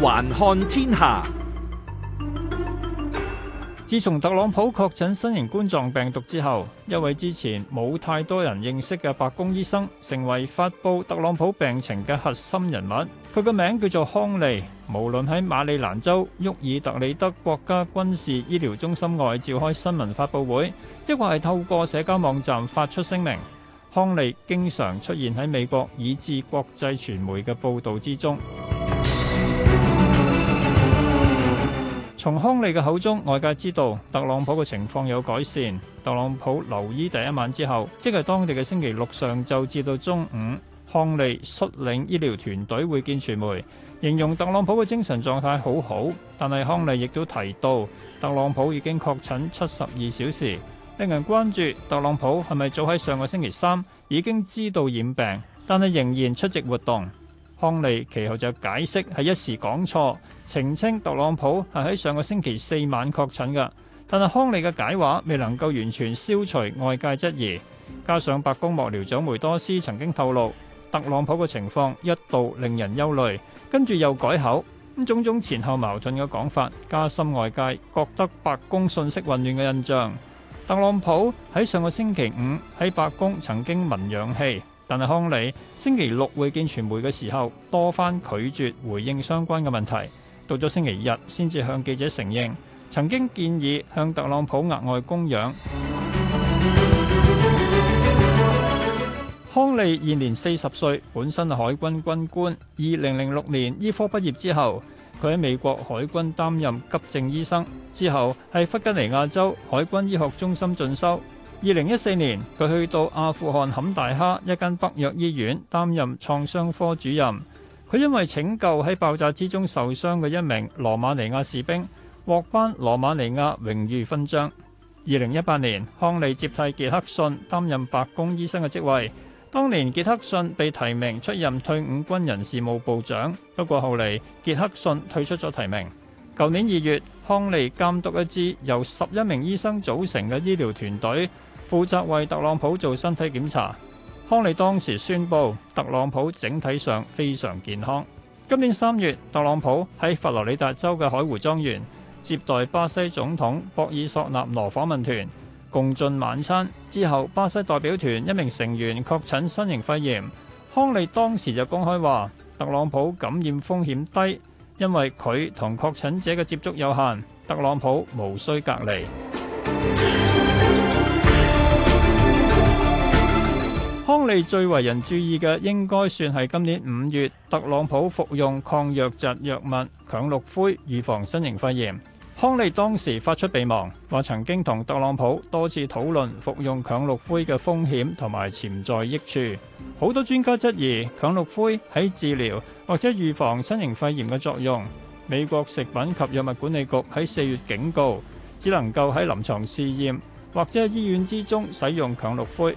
環看天下。自從特朗普確診新型冠狀病毒之後，一位之前冇太多人認識嘅白宮醫生，成為發布特朗普病情嘅核心人物。佢嘅名叫做康利。無論喺馬里蘭州沃爾特里德國家軍事醫療中心外召開新聞發布會，抑或係透過社交網站發出聲明，康利經常出現喺美國以至國際傳媒嘅報道之中。從康利嘅口中，外界知道特朗普嘅情況有改善。特朗普留醫第一晚之後，即係當地嘅星期六上晝至到中午，康利率領醫療團隊會見傳媒，形容特朗普嘅精神狀態好好。但係康利亦都提到，特朗普已經確診七十二小時，令人關注，特朗普係咪早喺上個星期三已經知道染病，但係仍然出席活動。康利其後就解釋係一時講錯，澄清特朗普係喺上個星期四晚確診嘅，但係康利嘅解話未能夠完全消除外界質疑。加上白宮幕僚長梅多斯曾經透露，特朗普嘅情況一度令人憂慮，跟住又改口。咁種種前後矛盾嘅講法，加深外界覺得白宮信息混亂嘅印象。特朗普喺上個星期五喺白宮曾經聞氧氣。但係康利星期六會見傳媒嘅時候，多番拒絕回應相關嘅問題。到咗星期日，先至向記者承認曾經建議向特朗普額外供氧。康利現年四十歲，本身係海軍軍官。二零零六年醫科畢業之後，佢喺美國海軍擔任急症醫生，之後喺弗吉尼亞州海軍醫學中心進修。二零一四年，佢去到阿富汗坎大哈一間北約醫院擔任創傷科主任。佢因為拯救喺爆炸之中受傷嘅一名羅馬尼亞士兵，獲頒羅馬尼亞榮譽勳章。二零一八年，康利接替傑克遜擔任白宮醫生嘅職位。當年傑克遜被提名出任退伍軍人事務部長，不過後嚟傑克遜退出咗提名。舊年二月，康利監督一支由十一名醫生組成嘅醫療團隊。負責為特朗普做身體檢查，康利當時宣布特朗普整體上非常健康。今年三月，特朗普喺佛羅里達州嘅海湖莊園接待巴西總統博爾索納羅訪問團，共進晚餐之後，巴西代表團一名成員確診新型肺炎，康利當時就公開話特朗普感染風險低，因為佢同確診者嘅接觸有限，特朗普無需隔離。康利最為人注意嘅，應該算係今年五月特朗普服用抗瘧疾藥物強氯灰預防新型肺炎。康利當時發出備忘，話曾經同特朗普多次討論服用強氯灰嘅風險同埋潛在益處。好多專家質疑強氯灰喺治療或者預防新型肺炎嘅作用。美國食品及藥物管理局喺四月警告，只能夠喺臨床試驗或者喺醫院之中使用強氯灰。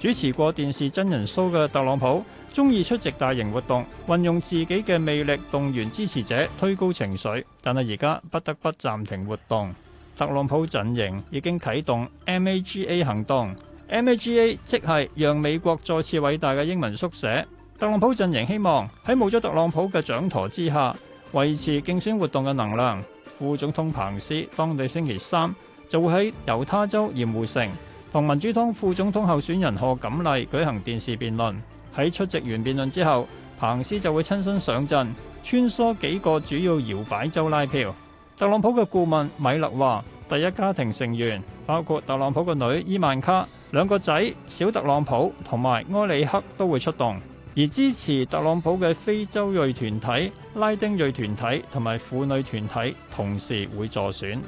主持過電視真人 show 嘅特朗普，中意出席大型活動，運用自己嘅魅力動員支持者推高情緒。但係而家不得不暫停活動。特朗普陣營已經啟動 MAGA 行動，MAGA 即係讓美國再次偉大嘅英文縮寫。特朗普陣營希望喺冇咗特朗普嘅掌舵之下，維持競選活動嘅能量。副總統彭斯當地星期三就會喺猶他州鹽湖城，同民主黨副總統候選人賀錦麗舉行電視辯論。喺出席完辯論之後，彭斯就會親身上陣，穿梭幾個主要搖擺州拉票。特朗普嘅顧問米勒話，第一家庭成員包括特朗普嘅女伊萬卡、兩個仔小特朗普同埋埃里克都會出動。而支持特朗普嘅非洲裔團體、拉丁裔團體同埋婦女團體同時會助選。